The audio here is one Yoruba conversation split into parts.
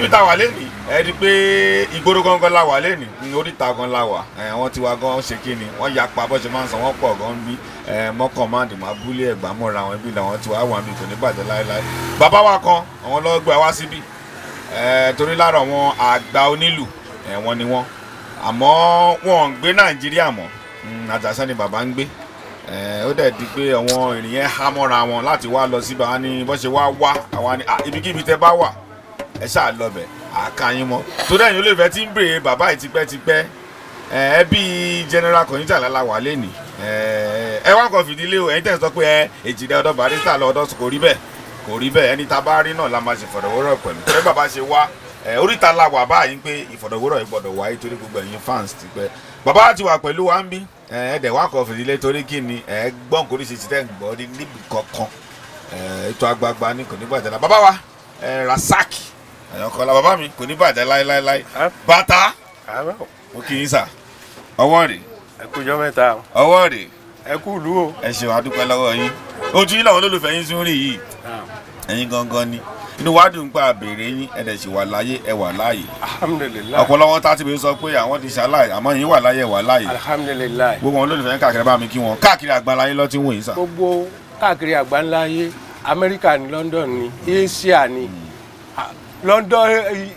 níbi tá a wà lẹ́nu ẹ rí i pé ìgboro gangan la wà lẹ́nu ní oríta gan la wà wọ́n ti wá gan ṣe kí ni wọ́n ya pa bọ́sẹ̀ máa ń san wọ́n pọ̀ gan bí mọ́kànmáàdì máa búlé ẹ̀gbá mọ́ra wọn bí làwọn ti wá wà mí kò ní bàjẹ́ láéláé bàbá wa kan àwọn lọ́gbà wá síbí torí lára àwọn àgbà onílù wọ́n ni wọ́n àmọ́ wọn ń gbé Nàìjíríà mọ́ hmm, àjàṣe ni bàbá ń gbé ó dẹ̀ di pé àwọn ènìyàn há mọ́ra wọn láti wá lọ síbà á ní bọ́ wá wá àwa ibikíbi tẹ́ bá wà ẹ ṣáà lọ bẹ̀ àkàyìn mọ́ torí ẹ̀yin olóòfẹ́ ti ń béèrè bàbá yìí tipẹ́tipẹ́ ẹ bí general kọ̀yìntà láláwà lẹ́nìí ẹ wá kàn fìdílé o ẹ̀yin tẹ̀ sọ pé ẹ èjìdẹ́ ọ̀dọ́ barista lọ ọ̀dọ́ kò rí bẹ́ẹ̀ kò rí bẹ́ẹ̀ ẹni tá a bá rí náà la máa ṣe ìfọ̀rọ̀wérọ̀ pẹ̀lú tẹ́lẹ̀ bàbá ṣe wá oríta la wà báyìí pé ìfọ̀rọ̀wérọ̀ yìí gbọ́dọ̀ wáyé torí gbogbo ẹ̀yin fans ti pẹ́ bàbá ti wà pẹ̀lú wa ń bí ẹ dẹ̀ wá kàn fìdílé torí kí ni ẹ gbọ́n kò ní ṣe ti tẹ́ níbi kankan ètò àgbààgbà ní kò ní gbàjẹ́ la bàbá wa Rasaki àyànkọ́lá bàbá mi kò ní bàjẹ́ láéláéláé bàtà mo kì í sà ọwọ́ rè. ẹ kú jọ mẹ́ta o. ọwọ́ rè. ẹ kú ìlú o. ẹ ṣeun adúpẹ́ lọ́wọ́ yín ojú yín làwọn olólùfẹ́ yín tún rí yìí ẹ̀yin gangan ni inú wa dùn pa àbèrè yín ẹ dẹ̀ sì wà láyé ẹ wà láàyè. alhamdulilayi. ọ̀pọ̀lọpọ̀ tá a ti bẹ̀rẹ̀ sọ pé àwọn ti ṣaláì àmọ́ yín wà láyé ẹ wà láàyè. alhamdulilayi. gbogbo àwọn olólùfẹ́ káàkiri bá mi kí wọn káàkiri àgbáńlá yé lọ́tí wọ̀nyí sà. gbogbo káàkiri àgbáńlá yé amẹ́ríkà ni london ni asia ni. Mm London eh,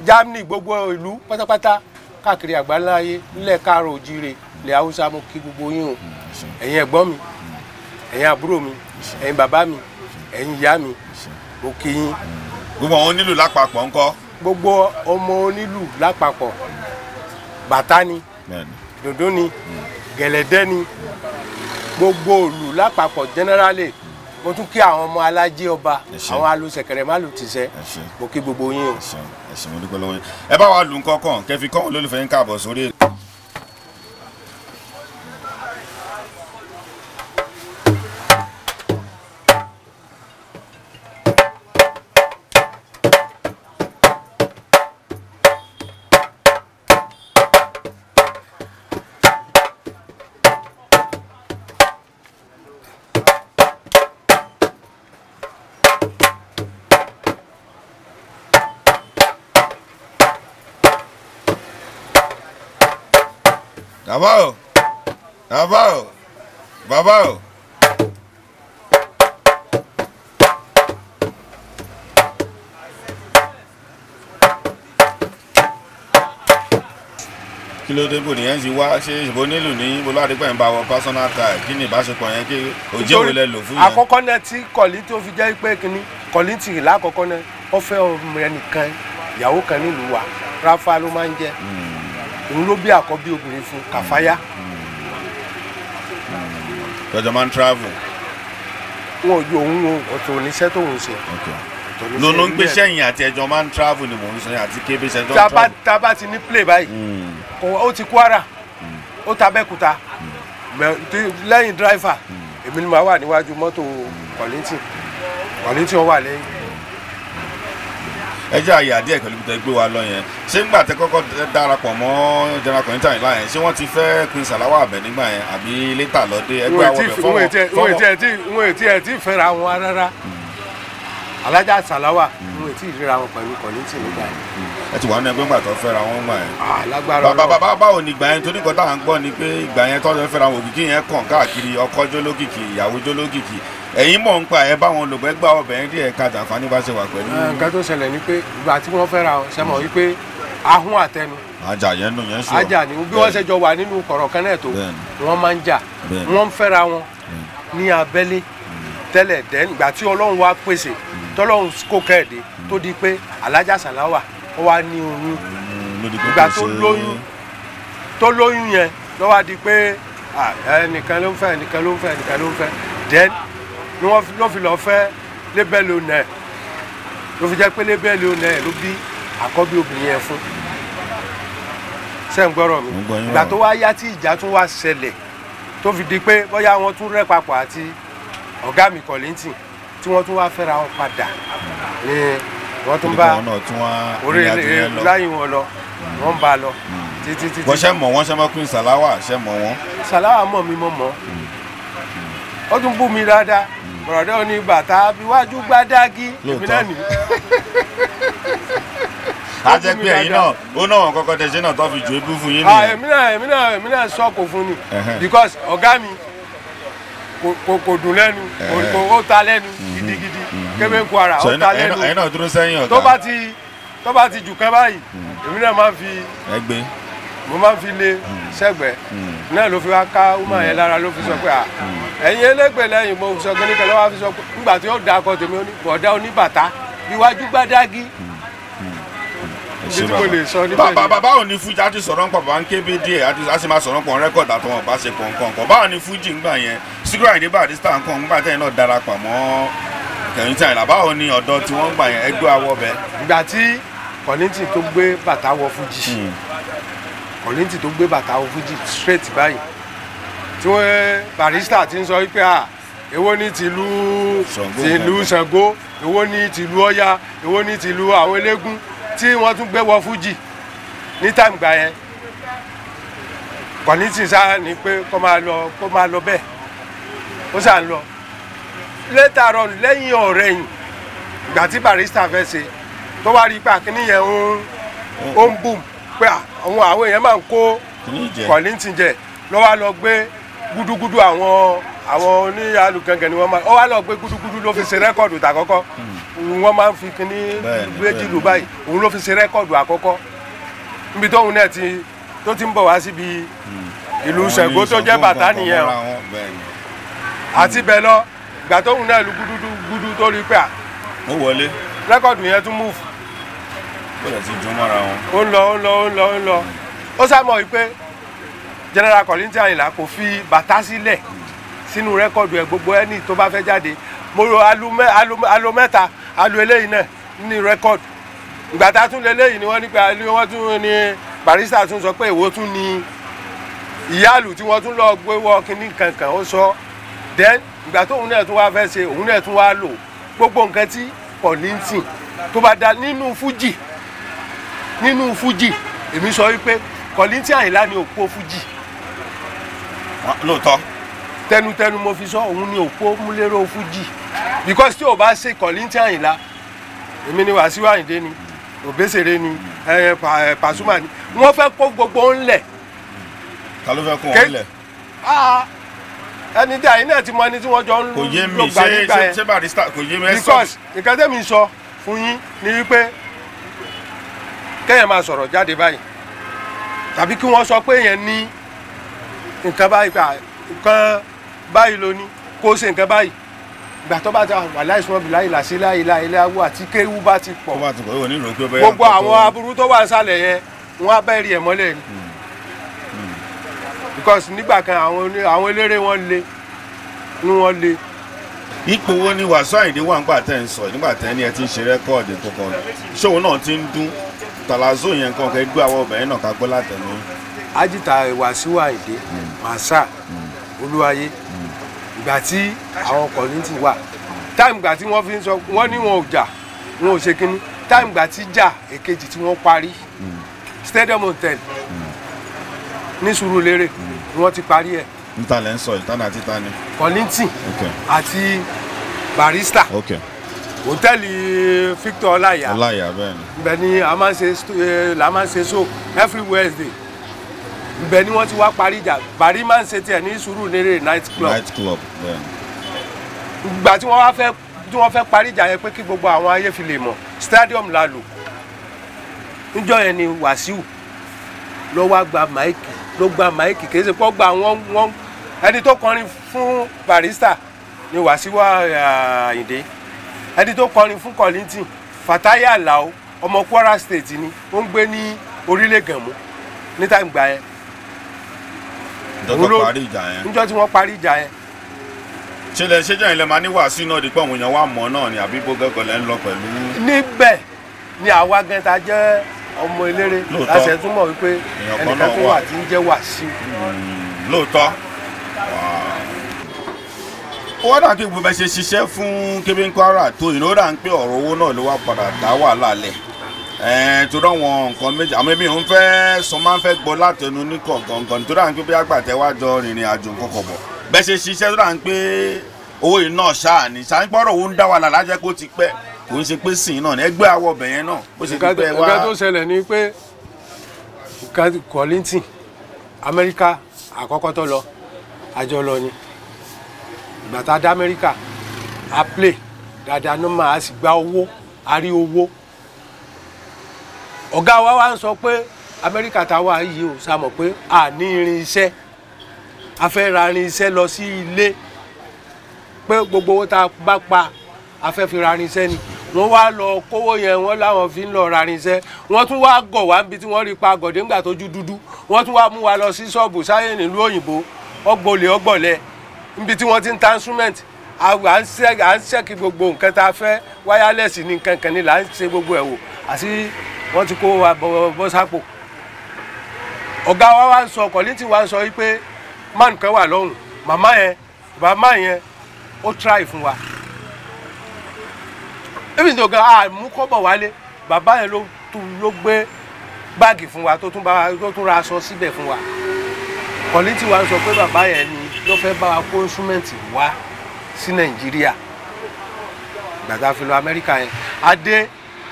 Germany gbogbo ìlú pátápátá káàkiri àgbáńlá ayé nílẹ̀ káàrọ̀ òjire ilẹ̀ haúsá mo kí gbogbo yín o ẹ̀yin ẹ̀gbọ́n mi ẹ̀yin àbúrò mi ẹ̀yin bàbá mi ẹ̀yin ìyá mi mo kí yín. gbogbo àwọn onílù lápapọ̀ ńkọ́. gbogbo ọmọ onílù lápapọ̀ bàtá ni dòdò ni gẹ̀lẹ́dẹ́ ni gbogbo òlù lápapọ̀ generally mo tún kí àwọn ọmọ alájẹ ọba àwọn alùsẹ̀kẹ̀rẹ̀ má lù tìṣẹ́ mo kí gbogbo yín o. ẹ bá wa lù ń kọ́kàn kẹfì kọ́hún lólùfẹ́ yín káàbọ̀ sórí bàbá o bàbá o bàbá o. kí ló dé bò nìyẹn ti wá ṣé ìbò nílùú ní bolo adigun yẹn bá wọ personal time kí ni ìbáṣepọ̀ yẹn kí òjé wo lẹ lò fún yẹn. àkọ́kọ́ náà tí kọ̀lí tó fi jẹ́ pé kínní kọ̀lí ti rì lákọ̀ọ́kọ́ náà ó fẹ́ ọmọ ẹnìkan ìyàwó kan nílùú wa ráfá ló máa ń jẹ́. Mm òun ló bí àkọ́bí obìnrin fún kàfáyà. tọjọ máa ń travel. wọn ò ju òun o ọ̀tọ̀ oníṣẹ́ tóun ṣe. lónà ń gbé sẹ́yìn àti ẹjọ́ máa ń travel ni mò ń sọ àti kébé ṣẹjọ́ ń travel. tába ti ní play báyìí hmm. ó ti Kwara hmm. ó ta Abẹ́òkúta hmm. lẹ́yìn driver èmi ni màá wà níwájú mọ́tò Kollington Kollington wà lẹ́yìn ẹ àyè àdíẹ̀ pẹ̀lú tẹ gbé wa lọ yẹn ṣé ńgbà tẹ kọ́kọ́ darapọ̀ mọ́ General Kollington Ayinla yẹn ṣé wọ́n ti fẹ́ Queen Salawa Abẹ nígbà yẹn àbí létà lọ́dẹ ẹgbẹ́ àwọn ọ̀bẹ fọ́wọ́ wọn ètí ẹ̀ tí fẹ́ra wọn rárá alájà Salawa hmm. wọn ètí ìríra wọn pẹ̀lú Kollington nígbà yẹn hmm. ẹ ti wà nínú ẹgbẹ́ ńgbà tó fẹ́ra wọn gbà yẹn. bàbá ah, báwo ni ìgbà yẹn tó ní kọ́tà ń gbọ́ ni pé ìgbà yẹn tó fẹ́ra wọn òkìkí yẹn kàn káàkiri ọkọ jólókìkì ìyàwó jólókìkì ẹ̀yin mọ̀ ń pa ẹ̀ báwọn olùgbẹ́ gba ọbẹ̀rin díẹ̀ ká jàǹfààní bá ṣe wà pẹ̀lú. nǹkan tó ṣẹlẹ̀ ni pé ìgbà tí wọ́n fẹ́ ra ọ ṣe mọ̀ wípé ahun àtẹnu. ajá yẹn nù yẹn sọ. ajá ni bí wọ́n ṣe jọ wà nínú kọ̀rọ̀ kan náà tó wọ́n máa ń jà wọ́n ń fẹ́ra wọn ní abẹ́lé tẹ́lẹ̀ dẹ́n ìgbà tí ọlọ́run wá pèsè tọ́lọ́run kò kẹ́ẹ̀dé tó di pé alájà sàláwà ó wá ní oyún mm, ìgbà tó lóyún yẹn ló di pé ẹnìkan ló ń fẹ́ ẹnìkan ló ń fẹ́ ẹnìkan ló ń fẹ́ dẹ́n ni wọ́n ló fi lọ́ọ́ fẹ́ lébẹ́lì onẹ̀ ló fi jẹ́ pé lébẹ́lì onẹ̀ ló bí àkọ́bí obìnrin yẹn fún sẹ́ǹgbọ́rọ̀ mi ìgbà tó wá yá tí ìjà tún wá ṣẹlẹ̀ tó fi di pé bóyá wọ́n tún rẹ́ papọ̀ àti ọ̀gá mi Kollington tí wọ́n tún wá fẹ́ra wọn padà ni wọ́n tún bá orí láyìn wọn lọ wọ́n bá a lọ hmm. títí títí. wọ́n ṣe mọ̀ wọ́n ṣe mọ̀ pín sàláwà ṣe mọ̀ wọ́n. sàláwà mọ̀ mi mọ̀ mọ́ hmm. hmm. ó bú mi dáadáa bọ̀rọ̀dọ́ ni bàtà iwájú gbádágí èmi náà nìyí. a jẹ́ pé ẹ̀yin náà ó náà wọn kọ́kọ́ tẹ̀sí náà tó fi ju ebú fún yín nìyẹn. Ah, èmi náà èmi náà èmi náà sọ́kò fún ni because ọ̀gá mi kò dùn lẹ́nu ó ta lẹ́nu mhm. gidigidi mhm. kébé kwara ó ta lẹ́nu tó bá ti tó bá ti jù kán báyìí mhm. èmi náà máa fi. ẹgbẹ́ mo máa ń fi lé sẹ́gbẹ̀ẹ́ náà ló fi wá ká woman yẹn lára ló fi sọ pé ẹ̀yin elégbè lẹ́yìn mo sọ kíní kan lọ́wọ́ fi sọ pé nígbà tí ó da akọ tèmi ní bọ̀dá oníbàtà iwájú gbádágí títí mo lè sọ níbẹ̀. bàbá bàbá ò ní fújì àti sọ̀rọ̀ nǹkan bàbá ń ké bí díẹ̀ àti àti máa sọ̀rọ̀ nǹkan rẹ́kọ̀dì àtọwọ̀n bá ṣe kọ̀ọ̀kan kan báwo ni fújì ń gbà yẹn sígúrà ìdí Barrister nǹkan ńgbà tẹ́yìn náà darapọ̀ mọ́ kẹ̀yìn tàyìn làbáwo ni ọ̀dọ́ tí wọ́n gbà yẹn ẹgbẹ́ awọ bẹ́ẹ̀. ìgbà tí kọ̀nìtì tó gbé bàtà wọ fújì hmm kọ̀lẹ́ǹtì tó gbé bàtà ofújì straight báyìí tí wọ́n barista ti ń sọ wípé à ah, èwo ní tìlú tìlú Ṣàngó èwo ní tìlú Ọya èwo ní tìlú àwọn eléégún tí wọ́n tún gbé wọ fújì ní tàǹgbà yẹn kọ̀lẹ́ǹtì sá ni pé kó máa lọ kó máa lọ bẹ́ẹ̀ ó sà ń lọ létàrọ lẹ́yìn ọ̀rẹ́yìn ìgbà tí barista fẹ́ ṣe tó wá rí i pé àkíní yẹn ó ń bùm pé àwọn àwọn èèyàn máa ń kó kọ̀lìntì jẹ ló wá lọ gbé gúdúgúdú àwọn àwọn oníyàlùkẹ̀kẹ̀ ni wọ́n máa ó wá lọ gbé gúdúgúdú ló fi ṣe rẹ́kọ̀dù tàkọ́kọ́ hmm. wọ́n máa ń fi kíní méjì lù báyìí òun ló fi ṣe rẹ́kọ̀dù àkọ́kọ́ níbi tóun náà ti tó ti ń bọ̀ wá síbi hmm. ìlú Ṣàngó tó jẹ́ bàtà nìyẹn o àti bẹ́ẹ̀ lọ ìgbà tóun náà lu gúdúgúdú tó rí pé à. rẹ́kọ̀dù yẹn tún múùfù bẹ̀rẹ̀ sí dún mọ́ra wọn. ó lọ ó lọ ó lọ ó lọ ó sábọ̀ wípé general Kollington Ayinla kò fi bàtà sílẹ̀ sínú rẹ́kọ̀dù ẹ̀ gbogbo ẹni tó bá fẹ́ jáde mo ro alo mẹ́ta alo eléyìí náà ní rẹ́kọ̀dù ìgbà tá a tún lé eléyìí ni wọ́n ní pé wọ́n tún ní barista tún sọ pé èwo tún ni ìyáàlù tí wọ́n tún lọ gbé wọ kínní kankan ó sọ then ìgbà tó òun náà tún wá fẹ́ ṣe òun náà tún wá lò gbogbo nǹkan tí Kollington tó bá da nínú fújì nínú fújì èmi sọ wípé Kollington Àyìnlá ni òpó fújì. lóòótọ́. tẹnutẹnu mo fi sọ òun ni òpó múlẹ́rọ̀ fújì because tí o bá ṣe Kollington Àyìnlá èmi ni Wàsíù Àyìndé ni Òbésèré ni Pasuma ni wọ́n fẹ́ kó gbogbo ńlẹ̀. ta ló fẹ́ kó wọn lẹ̀. ẹni tí àyìn náà ti mọ ẹni tí wọ́n jọ ń lò gbàgbà yẹn because nǹkan tẹ́mi sọ fún yín ni wípé kẹ́yìn máa sọ̀rọ̀ jáde báyìí tàbí kí wọ́n sọ pé èèyàn ní nǹkan báyìí nǹkan báyìí ló ní kó ṣe nǹkan báyìí ìgbà tó bá ta wà láìsùn ọbì láyé làṣẹ láyé láyé láwọ àti kéwú bá ti pọ̀ gbogbo àwọn aburú tó wà sálẹ̀ yẹn wọ́n á bẹ́ẹ̀rì ẹ̀ mọ́lẹ̀ ni hmm. Hmm. because nígbà kan àwọn eléré wọn le ni wọ́n le. ipò wo ni wàásù àyìndé wà ń gbà tẹ́ ń sọ nígbà tẹ́ ni ẹ ti ń ṣe rẹ́kọ́ọ̀dì tó kàn ṣòwò náà ti ń dún tàlàzó yẹn nǹkan kẹ́ gbé àwọn obìnrin náà ká gbọ́ látẹ̀nu. ájìtà ìwàsíwà èdè hmm. màṣà hmm. olúwayé hmm. ìgbà tí àwọn ọkùnrin ti wà táìmù gbà tí wọ́n fi ń sọ wọ́n ní wọn ò jà wọn ò ṣe kínní táìmù gbà tí jà èkejì tí wọ́n parí stadium hotel ní surulere ni wọ́n ti parí ẹ̀. níta lẹ́ ń sọ ìtàn àti ìtàn ni. Kollington àti Barrister. Okay hòtẹ́ẹ̀lì Victor ọláyà ọláyà bẹ́ẹ̀ ni ibẹ̀ ni a máa ń ṣe eh, la máa ń ṣe so every Wednesday ibẹ̀ ni wọ́n ti wá parí ìjà bàrí máa ń ṣe tiẹ̀ ní sùúrù nírè night club night club bẹ́ẹ̀ ni ìgbà tí wọ́n wá fẹ́ tí wọ́n fẹ́ parí ìjà yẹn pé kí gbogbo àwọn ayé fi lè mọ̀ stadium la lò níjọ́ yẹn ni Wàsíù ló wá gba máìkì ló gba máìkì kì í ṣe pọ́ gba wọ́n wọ́n ẹni tó kọrin fún barista ni Wàsíù Àyìndé. Wa, uh, ẹni tó kọrin fún Kollington Fatai Alao ọmọ Kwara State ni ó ń gbé ní orílẹ̀ Gànmú níta ìgbà yẹn. njọ́ tó parí ìjà yẹn. njọ́ tí wọ́n parí ìjà yẹn. ṣẹlẹ̀ ṣẹjọ́ yìí lẹ máa ní wàásù náà dípò àwọn èèyàn wà mọ́ náà ni àbí gbogbo lẹ́ ń lọ pẹ̀lú. níbẹ̀ ni àwa gan ta jẹ́ ọmọ eléré láti ẹ̀ túmọ̀ wípé ẹnìkan tó wà tí ń jẹ́ wàásù. Hmm, lóòótọ́ wọ́n dà kí gbogbo ẹ ṣe ṣiṣẹ́ fún Kébé Nkwara tó ìnura ń pé ọ̀rọ̀ owó náà ló wá padà dá wàhálà lẹ̀ torí àwọn nǹkan méjì àwọn èmi òun fẹ́ sọ máa ń fẹ́ gbọ́ látẹnu ní kọ̀ọ̀kan torí à ń pé bí àgbàtẹ́ wá jọ rìnrìn àjò nǹkan kọ̀ bọ̀ bẹ́ẹ̀ ṣe ṣiṣẹ́ torí à ń pé owó yìí náà ṣáà ní ṣàǹpọ̀rọ̀ òun dá wa làlá jẹ́ kó ti pẹ́ kò ń ṣe pé sìn náà ẹgbẹ́ àwọ̀ ọbẹ̀ yẹn náà bó ṣe pípẹ́ wá. nǹkan tó ṣẹlẹ̀ ni pé Kollington Amẹ́ríkà àkọ́kọ́ tó lọ àjọ lọ ni ìgbà tá a dá amẹ́ríkà a play dáadáa ní màá sì gba owó a rí owó ọ̀gá wa wá ń sọ pé amẹ́ríkà tá a wà yìí ò sá mọ̀ pé a ní irinṣẹ́ a fẹ́ ra irinṣẹ́ lọ sí ilé pé gbogbo owó tá a bá pa a fẹ́ fi ra irinṣẹ́ ni wọ́n wá lọ kówó yẹn wọ́n láwọn fi ń lọ ra irinṣẹ́ wọ́n tún wá gọ̀ wá níbi tí wọ́n rí pa gọ̀dẹ́ngbà tójú dúdú wọ́n tún wá mú wa lọ sí ṣọ́ọ̀bù sáyẹn nílùú òyìnbó ọgbọ̀lẹ̀ ọgbọ̀lẹ̀ níbi tí wọ́n ti ń ta instrument à ń ṣẹ́kì gbogbo nǹkan tá a fẹ́ wireless ní nǹkan kan ní là ń ṣe gbogbo ẹ̀ wò àti wọ́n ti kó wa bọ́ sápò ọ̀gá wa wá ń sọ kọ̀lìntì wa ń sọ wípé man kan wà lọ́hùn màmá yẹn màmá yẹn ó try fún wa ebi ní ọ̀gá àmúkọ́bọ̀ wálé bàbá yẹn ló gbé báàgì fún wa tó tún ra aṣọ síbẹ̀ fún wa kọ̀lìntì wa ń sọ pé bàbá yẹn ni ló fẹ́ bá wa kó instrument wá sí nàìjíríà gbàtà fi lọ amẹ́ríkà yẹn adé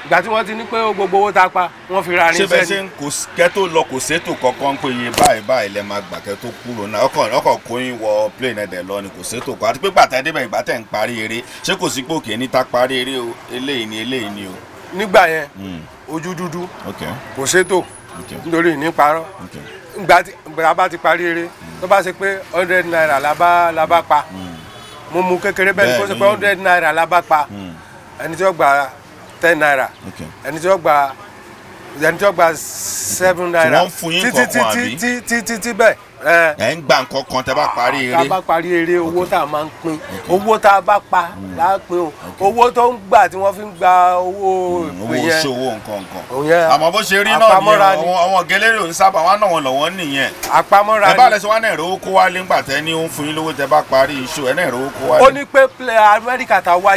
ìgbà tí wọ́n ti ní pé gbogbo owó tá a pa wọ́n fi ra irinṣẹ́ ni. ṣé bẹ́ẹ̀ ṣe ń kò kẹ́tò lọ kò ṣètò kankan ń pè yé báyìí báyìí lẹ́ máa gbà kẹ́tò kúrò náà ọkọ̀ ọkọ̀ kóyún wọ plane ẹ̀dẹ̀ lọ ni kò ṣètò kan àti pé gbàtà débẹ̀ ìgbà tẹ̀ ń parí eré ṣé kò sí pòkè ní ta parí eré o eléyìí ni eléyìí ni o. nígbà yẹn hmm. ojú dúdú kò ṣètò nítorí ìníparọ́ gbà tí bá ti parí eré tó bá ṣe pé hundred naira laba, laba la bá pa mo mu kékeré bẹ́ẹ̀ ni kó ṣe pé hundred naira laba bá pa hmm. ẹni tí ó gba ten naira ẹni tí ó gba ẹni tí ó gba seven naira títí títí títí títí bẹ́ẹ̀ ẹ ń gba nǹkan kan tẹ bá parí eré. tá a bá parí eré owó tá a máa ń pín owó tá a bá pa hmm. là á o owó tó ń gbà tí wọ́n fi ń gba owó hmm, ìpè yẹn owó ṣòwò nǹkan nǹkan àmọ́ bó ṣe rí náà ni àwọn gẹlẹ́rì ò ń sábà wọn náà wọn lọ́wọ́ nìyẹn àpamọ́ra ni ẹ bá lẹ́sọ̀ wọn náà rówó kó wálé ńgbà tẹ́ ní ó ń fún yín lówó tẹ bá parí iṣu ẹ náà rówó kó wálé. ó ní pé amẹ́ríkà tá a wá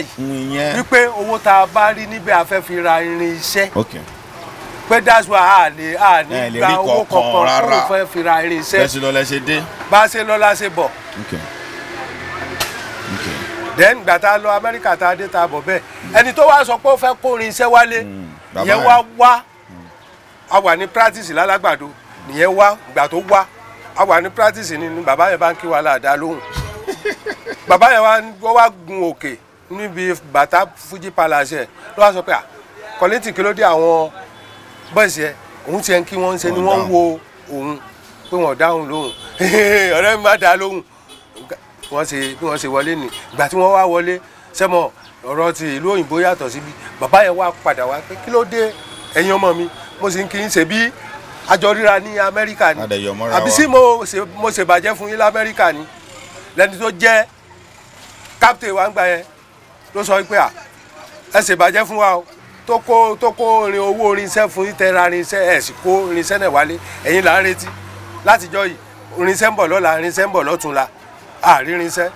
wípé owó tá pé that's why a lè a ní gba owó kankan kó o fẹ́ fira eré iṣẹ́ bẹ́ẹ̀ sì lọ́la ṣe dé bá ṣe lọ́la ṣe bọ̀ then gbà tá a lọ amẹ́ríkà tá a dé tá a bọ̀ bẹ́ẹ̀ ẹni tó wá sọ pé ó fẹ́ kórin iṣẹ́ wálé hmm. ìyẹn wá wá hmm. a wà ní practice lálágbàdo nìyẹn wá ìgbà tó wá a wà ní practice ni bàbá yẹn bá ń kí wa láàdá lóhùn bàbá yẹn wọ́n wá gun òkè níbi bàtà Fuji Palace ló wá sọ pé à kọ́lẹ́tì kí àwọn bọ́ọ̀sì ẹ òun tiẹ̀ ń kí wọ́n ń ṣe ni wọ́n ń wo òun pé wọ́n dáhùn lóhùn ọ̀rẹ́ mi bá dá lóhùn wọ́n ṣe bí wọ́n ṣe wọlé ni ìgbà tí wọ́n wá wọlé sẹ́mọ̀ ọ̀rọ̀ ti ìlú òyìnbó yàtọ̀ síbi bàbá yẹn wá padà wá pé kí ló dé ẹ̀yin ọmọ mi mo sì ń kí n ṣe bí àjọ ríra ní amẹ́ríkà ni àbí sí mo ṣe bàjẹ́ fún yín lamẹ́ríkà ni lẹ́ni tó jẹ́ captain wa ń gbà yẹn ló sọ pé à ẹ ṣèbàjẹ́ fún wa o tó kó tó kó rin owó irinṣẹ́ fún tẹ́ra irinṣẹ́ ẹ̀ sì kó irinṣẹ́ náà wálé ẹ̀yin là ń retí látijọ́ yìí irinṣẹ́ ń bọ̀ lọ́la irinṣẹ́ ń bọ̀ lọ́túnla àrí irinṣẹ́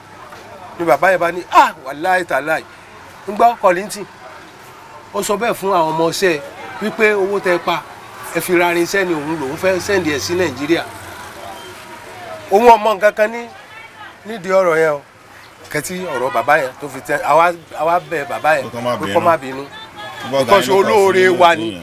ni bàbá yẹn bá ní ah wàláì tàláì ń gbọ́ kọ́lìntì ó sọ bẹ́ẹ̀ fún àwọn ọmọ ọṣẹ́ wípé owó tẹ pa ẹ fi ra irinṣẹ́ ni òun lòún fẹ́ sẹ́ndì ẹ̀ sí nàìjíríà òun ọmọ nǹkan kan ní nídìí ọ̀rọ̀ yẹn o kẹtí ọ̀rọ̀ bàbá yẹn tó fi tẹ àwa bẹ bàbá yẹn kó má bínú because olóore wa ni